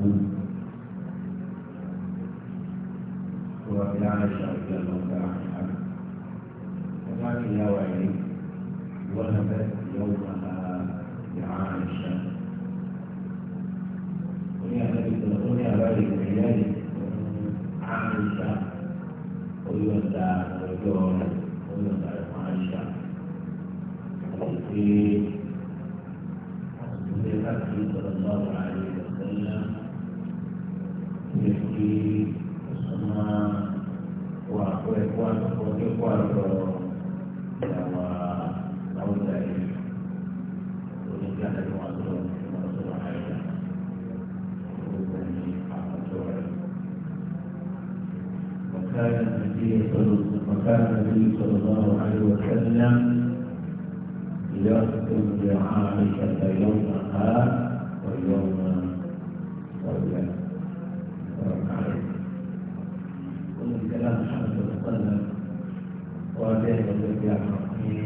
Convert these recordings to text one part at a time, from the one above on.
Amen. lè fi ọmọ wà kó ẹ̀kọ́ àtọkọ tó kọ àtọ ìyàwó àwùjọ yìí oníjà nínú àtọ ìmọ̀tò àyà gbogbo ní àwùjọ rẹ̀. وكان النبي صلى وكان النبي صلى الله عليه وسلم يخطب بعائشة يومها ويوم صلاتها jẹ́ ìgbàlódé àwọn ní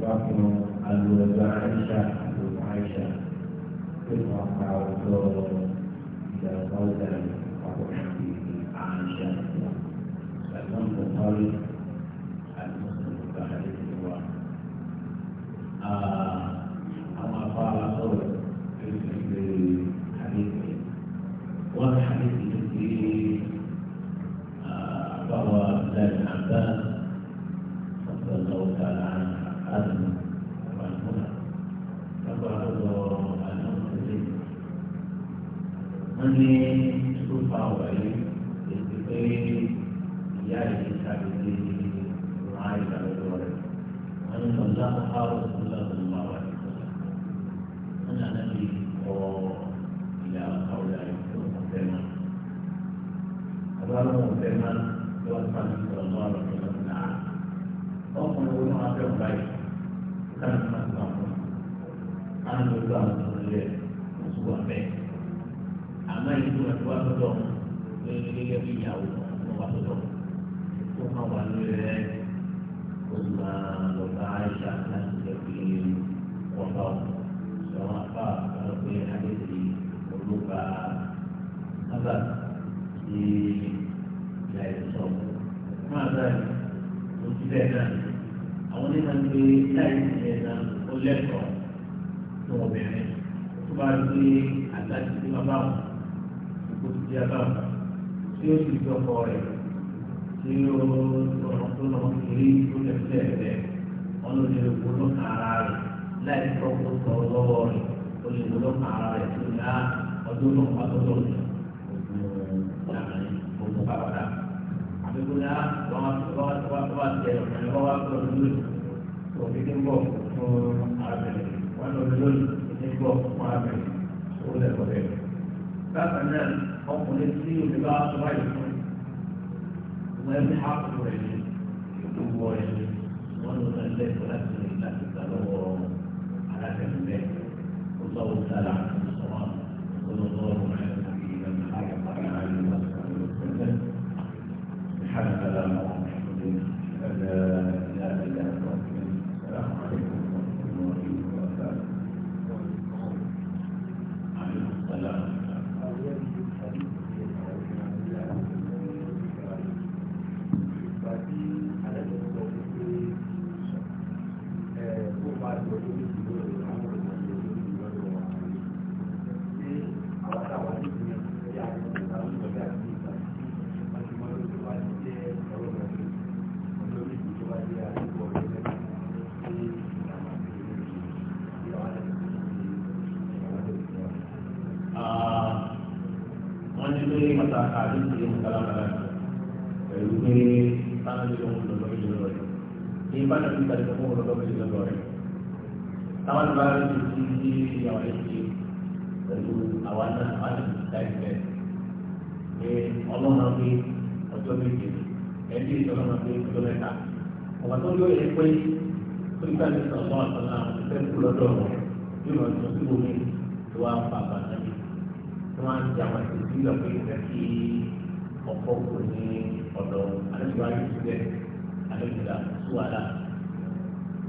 wákùn àlùwẹ̀dọ̀ àìsà àlùwẹ̀ àìsà tó ń wá pa ọjọ́ ìdàgbàsókè àpapọ̀ àti àìsà ìgbàlódé. báyìí káàdì máa gbà wọn á ń gbà wọn lọlẹ oṣù wà bẹ́ẹ̀ àmọ́ yìí tó wà tó wà lọ́dọ̀ wọn gẹ́gẹ́ bí ìyàwó wọn wà lọ́dọ̀ wọn tó máa wà lórí rẹ oṣù máa lọ bá ìṣà láti jẹ pé wọn sọ wọn apá àlọ pé adébíyí olóba ábà ti ìyá ìsọ máa bá yìí oṣù bẹ́ẹ̀ náà àwọn onímọ̀ ń gbé láìsí ẹ̀dá ó lẹ́kọ̀ọ́ fún obìnrin tó bá gbé àgbàtì tí wọ́n bá wọn kó ti di abáwọn tí ó sì fi ọkọ rẹ̀ tí ó rọrùn tó lọ́wọ́ kiri tó lè fi ẹ̀rẹ̀ wọn ló lè wọ́n lọ́kàn ara rẹ̀ láìsí ọkọ̀ sọ lọ́wọ́ rẹ̀ ó lè wọ́n lọ́kàn ara rẹ̀ tó ní ah, ọdún náà wà lọ́dọ̀ rẹ̀ òkú ọ̀gá rẹ̀ gbogbo pàápàá lóná wọ́n wá tẹ ọ̀nà wọ́n wá kúrò lónìí tó fi ní bọ̀ fún abẹ́rẹ́ wọ́n lọ lónìí fi ní bọ̀ fún abẹ́rẹ́ tó lẹ́kọ̀ọ́ bẹ́ẹ̀. bákan náà ọkùnrin tí omi bá tó báyìí fún wọn ẹni àpò rẹ̀ ní ìlú wọ ẹ̀ wọ́n lọ lọ lẹ́kọ̀ọ́ láti lè láti gbà lọ́wọ́ alábẹ́rẹ́ bẹ́ẹ̀ ó sọ wọ́n sára ọ̀sán wọn ó lọ lọ́wọ́ rẹ̀. pé mata àdé ti ń kalakala pẹ̀lú pé sáà ní ohun lọ́dọ̀ ìlú lọ rẹ̀ ní bá nàbí ìgbà tó ń lọ́dọ̀ ìlú lọ rẹ̀ táwọn ti bá rí ti ti ti ìyàwó ẹ̀ ti pẹ̀lú àwa náà wà ní ìta ìfẹ́ pé ọlọ́mọ pé ọjọ́ méje ẹbí ìjọba pé ọjọ́ mẹ́ta ọ̀gá tó yọ ẹ̀ pé tó ń gbà ní sọ̀rọ̀ náà sọ̀rọ̀ náà fẹ́ kú lọ́dọ̀ rẹ̀ yóò lọ sí omi tó wá ń pa àgbà náà wọn á ti àwọn àti ìlú ọ̀pẹ ìfẹ́ kí ọkọ̀ kò ní ọ̀dọ̀ alẹ́sùn ayé sílẹ̀ alẹ́sùn àtúwàlà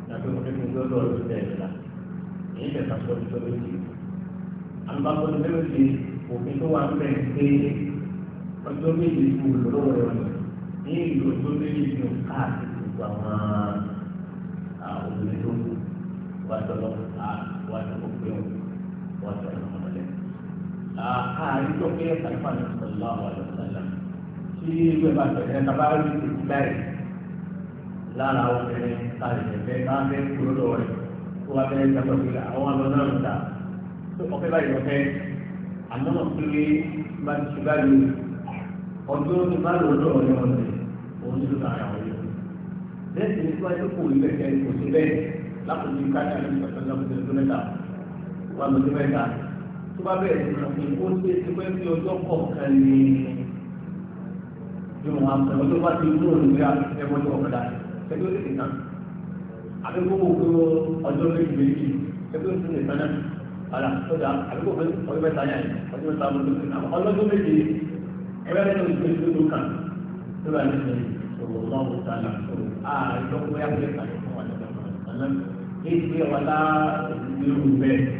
yàtọ̀ ọ̀pẹ ní gbọ́dọ̀ ọ̀dọ̀ sílẹ̀ ìlà èyí tẹ̀ pàṣẹ ọdún tó méjì àlùbáwọ̀ ọdún tó méjì òfin tó wà ń bẹ̀ pé ọjọ́ méjì kú lọ́wọ́ rẹ̀ ní ìlú ọjọ́ méjì kú káàkiri gbogbo àwọn obìnrin tó kù wàá tọ̀ lọ́wọ́ wàá tọ̀ lọ́wọ́ pé wàá tọ̀ lọ́wọ́ àárín tó kéré kàlífà ní sọlá wà lọ́sọ̀lá tí irú ẹ̀ bá bẹ̀rẹ̀ kaba rí ti bẹ́ẹ̀ lára obìnrin káàdì ẹ̀fẹ́ bá fẹ́ kúrò lọ́wọ́ rẹ̀ tó wá fẹ́ jábọ̀ sí la àwọn àlọ́ náà ń ta tó ọ̀fẹ́ báyìí lọ́fẹ́ àmọ́nà kéré bá ti ṣe báyìí ọdún tó bá lò lọ́wọ́ ní ọ̀sẹ̀ òun ní lóka ara wọn yóò bẹ́ẹ̀ sì ni wọ́n ti kò ilẹ̀ kẹ́ kò sí bẹ́ẹ̀ lápò tó bá bẹ̀rẹ̀ sí ọ̀sẹ̀ ó ṣe ti pẹ́ bí ọjọ́ kọ̀ọ̀kan ní ìwọ̀n àpẹẹrẹ ọjọ́ bá ti mú òun gbé ẹgbẹ́ ọjọ́ ọ̀kadà ẹgbẹ́ ó tètè tán àbíkó gbogbo ọjọ́ méjì méjì ẹgbẹ́ ó tètè tán náà àlà sọ́jà àbíkó ọjọ́ mẹ́ta yẹn ọjọ́ mẹ́ta mọ́ ọlọ́jọ́ méjì ẹgbẹ́ mẹ́ta oṣù méjì tó kàn tó bá yẹn sọ ọ̀rọ̀ ọ̀rọ̀ ọ̀tàlà ààrẹ lọ́kọ́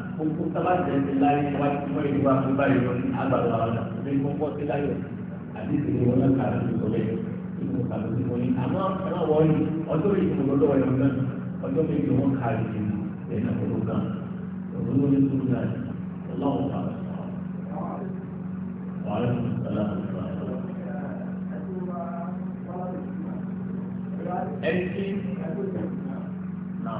gbogbo sábà tẹ̀sí láyé wá sí wọ́n yìí wá fún báyìí lọ ní àgbàdo àwọn ọ̀dà tó lè kọ́kọ́ sí láyọ̀ àti ìdílé wọn náà kàrọ̀ sí ìwọlé ìwọ̀n kàrọ̀ sí ìwọlé àmọ́ ẹ̀rọ wọ́n yìí ọjọ́ ìdìbò lọ́dọ̀ wọn náà ọjọ́ méjì wọn kàrọ̀ sí ìdènà olú kan òun ló ní sùúrù náà ọlọ́run kà ẹni tí náà.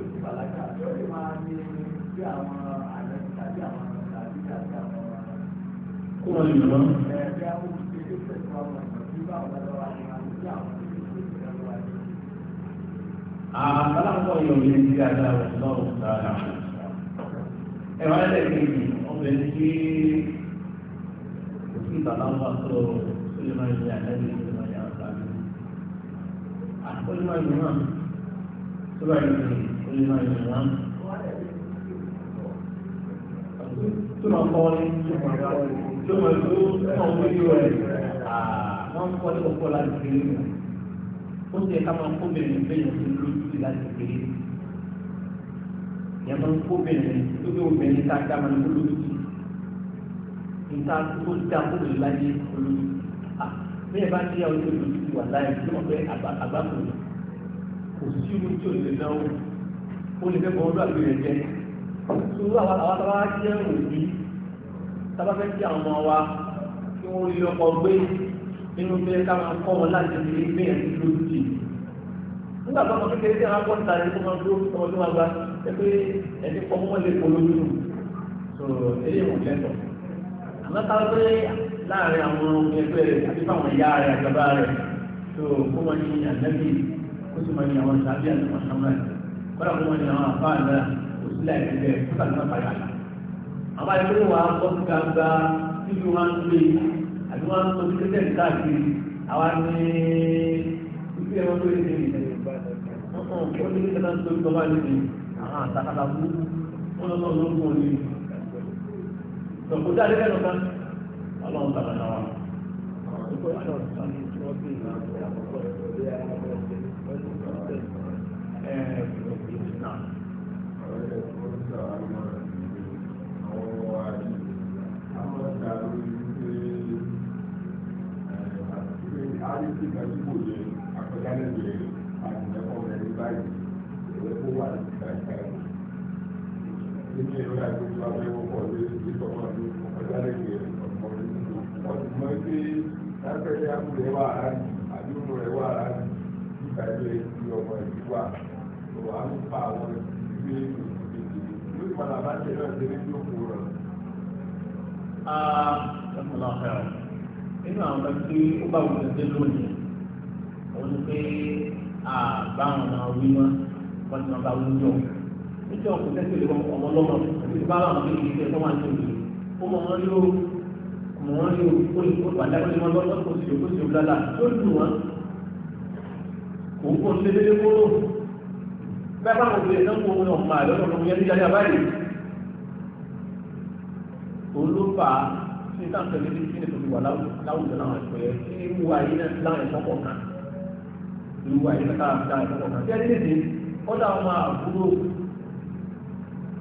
tó ti ní bí àwọn àlẹ́ tàbí àwọn tàbí tàbí àwọn. kó ẹ bí a kò ọbẹ̀ tí kò sí bàbá wa tó lè máa ń ṣe àlẹ́ àkọlùmọ̀ ìlú náà tó bá yẹ kí nínú ìrìnà tó máa kọ́ ní tó máa tó náà wọ́n yóò rẹ̀ wọ́n ń kọ́ ní ọkọ̀ láti kéré nù ó sì ká máa kó bèrè bẹ́yìn sí lójú láti kéré ìyẹn máa ń kó bèrè tó bí obìnrin ká dá máa ń kó lójú níta tó dá kó lè láyé olójú bẹ́ẹ̀ bá ní ìyàwó tó lójú wà láyé tó mọ̀ pé àgbà kò sí ojú tó lè náwó ó lè fẹ́ bọ́ọ̀lù àgbè rẹ̀ jẹ́ sùúrù àwọn àwọn tàbá jẹ́ òbí tàbá fẹ́ kí àwọn ọmọ wa kí wọ́n rí ọkọ̀ gbé nínú pé ká máa kọ́ wọn láti fi ilé ẹ̀ ní lójì nígbà tó ọmọ kékeré tí àwọn akọ́ta rẹ̀ tó máa dúró ọmọ tó máa gba ẹ pé ẹni kọ́ mọ́ lè polówó nù tó eré ìwọ̀n lẹ́tọ̀ àmọ́ ká pé láàrin àwọn ẹgbẹ́ rẹ̀ àti fáwọn ìyá rẹ̀ àgbàbá rẹ̀ tó kó wọn ní ànábì kó sì máa ní àwọn ìsàbí àti mọ̀ṣámẹ́rẹ̀ bọ́lá wọn ni àwọn àbá náà kò sílẹ̀ ìpínlẹ̀ kúta ní bàbá yàrá àbá yẹn ló wà á kọ́ sí gbangba níbi wọn ń gbé àbí wọn ń kọ́ sí tẹ́tẹ́ káàkiri àwa ní ibi ẹ̀rọ tó lè dé ó ní kí tẹ́tẹ́ tó tọ́ bá lè dé àwọn àtàkàtà bú wọn lọ́wọ́ ló ń kọ́ ní ìgbàkúta lẹ́lẹ́ lọ́ta ọlọ́run tàbí náà wà. nínú àwọn kan tí ó bá wù lóde lónìí ó pé àbáwọn wọn ti bá ìbára àwọn méjì ìfẹ́ tó wà ní òbí ó mọ wọn yóò mọ wọn yóò ó ní kó padà ó ní wọn lọ́sọ̀ kó sì kó sì lọ́la tó dùn wọn kò ń kó sílé délé kóró bẹ́ẹ̀ bá wọn bèrè lọ́wọ́ wọn ọ̀ma lọ́wọ́ wọn yẹn níjà ní abáyé olófà ní sáǹtẹ̀ níbi tí nìkan ti wà láwùjọ náà ẹ̀kọ́ yẹn kí ni wúwa yìí náà láwọn ẹ̀kọ́ kọ̀ọ̀kan ìwúwa yìí náà láwọn ẹ̀kọ́ kọ̀ọ̀kan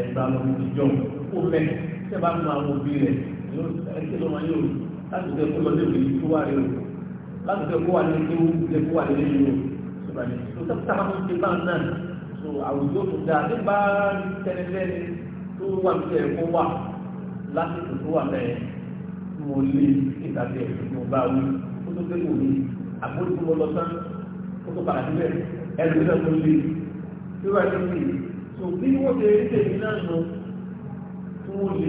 ẹ̀gbà lórí jíjọ́ ó mẹ́ tẹ́ bá mú àwọn òbí rẹ̀ ẹ̀kẹ́ lọ́mọ yóò láti fẹ́ kó lọ léwu yìí tó wà rẹ̀ o láti fẹ́ kó wà ní ewu fẹ́ kó wà ní ewu o tó tẹ́ tá a máa ń ṣe bá náà tó àwùjọ tó dáa nípa tẹ́lẹ̀tẹ́lẹ̀ tó wà ní ẹ̀kọ́ wà lásìkò tó wà mẹ́ẹ̀ mo lé ìtàgé mo bá wí kó tó fẹ́ kò ní àbójútó lọ sán kó tó padà síbẹ̀ ẹ̀rù náà mo lé tí wàá tó bí wọ́n ṣe rí tèmi náà nù tí wọ́n lè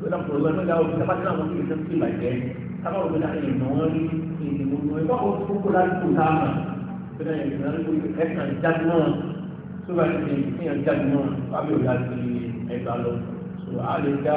lọ́dà pọ̀ lọ́dà pẹ̀lú àwọn ìjọba tí wọ́n ti lè tẹ́tí ìbàjẹ́ sábà wọ́n dá ẹ̀yìn náà rí èyí mo nù ẹ̀fọ́ kó tó kó ládùúgbò tá a mọ̀ pẹ̀lú ẹ̀yìn náà rí ẹ̀sán jáde náà tó bá ti fi hàn jáde náà fábí ò láti ẹgbà lọ tó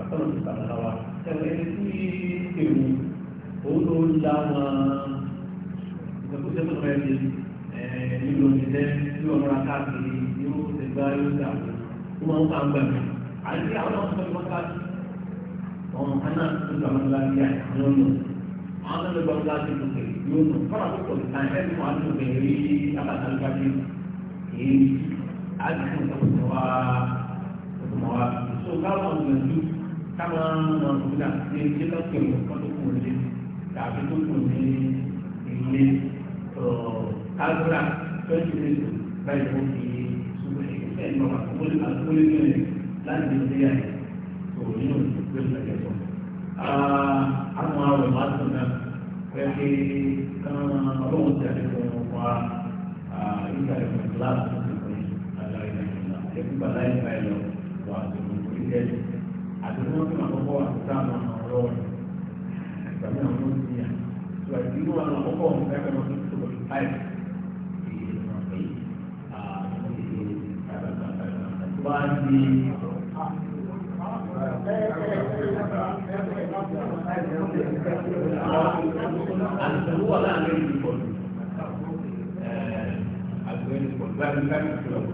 àtọ́nà ti sàmúlá wa tẹ̀lé tí èrò òun ló ń dá wọn ìgbàgbọ́sẹ̀ tó fẹ́ di nílò ìṣẹ́ tí wọ́n múra káàkiri yóò ti gbá yóò ti àpò ó máa ń fa àgbà mi àti àwọn ọmọ tó ń káàkiri ọmọ kan náà tó sàmúlá bí àwọn ọmọ àwọn tó ń gbọ́ láti lókè yóò wá tó káwọn gbìyànjú káwọn ọmọ ìgbà ní ilé lọ́pọ̀ ìwọ̀n tó kù ní tàbí tó kù ní ilé kájúra twenty days báyìí wọ́n fi ṣùgbọ́n ìgbésẹ̀ ní ọ̀gá tó lè tó lè gbẹ̀rẹ̀ láti lè ṣe àyè tó nínú ìgbésẹ̀ ìgbésẹ̀ tó. àwọn àwọn ọmọ àtúntò náà wọ́n fi ọlọ́run ti àdéhùn wọn wá ìgbà ìgbà láti ṣe àlàyé ìgbà láì báyìí lọ àtọ̀rọ̀ àtọ̀rọ̀ orílẹ̀ èdè àtọ̀rọ̀ wọn fún àkọ́kọ́ àtúntà àwọn ọ̀rọ̀ rẹ̀ ìgbàgbé àwọn ọmọ ti yàn tó àti inú àwọn àkọ́kọ́ ọ̀hún fẹ́ kẹ́kọ̀ọ́ tó tó kọ̀ọ̀tù táì Àtẹ̀wọ́ láàrin ìdìbò. Àtẹ̀wọ́ ìdìbò. Báyọ̀ ní ká kí n sọ̀rọ̀.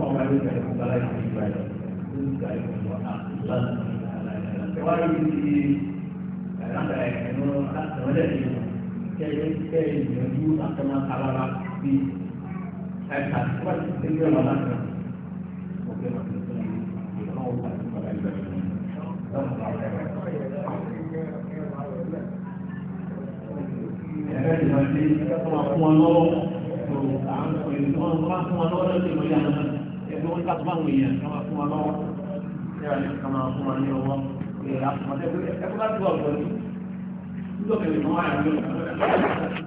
ọlọ́run bá yìí ti ti gbé wọn fún wọn lọ́wọ́ tó à ń pè fún wọn lọ́wọ́ lọ́sẹ̀ lórí àwọn pé wọ́n ká tó bá àwọn èèyàn kí wọ́n fún wọn lọ́wọ́ ẹ̀rọ ní kí wọ́n fún wọn ní ọwọ́ ẹ̀rọ àtúmọ̀tẹ́ pé ẹ̀kọ́ bá tó ọ̀gbọ́n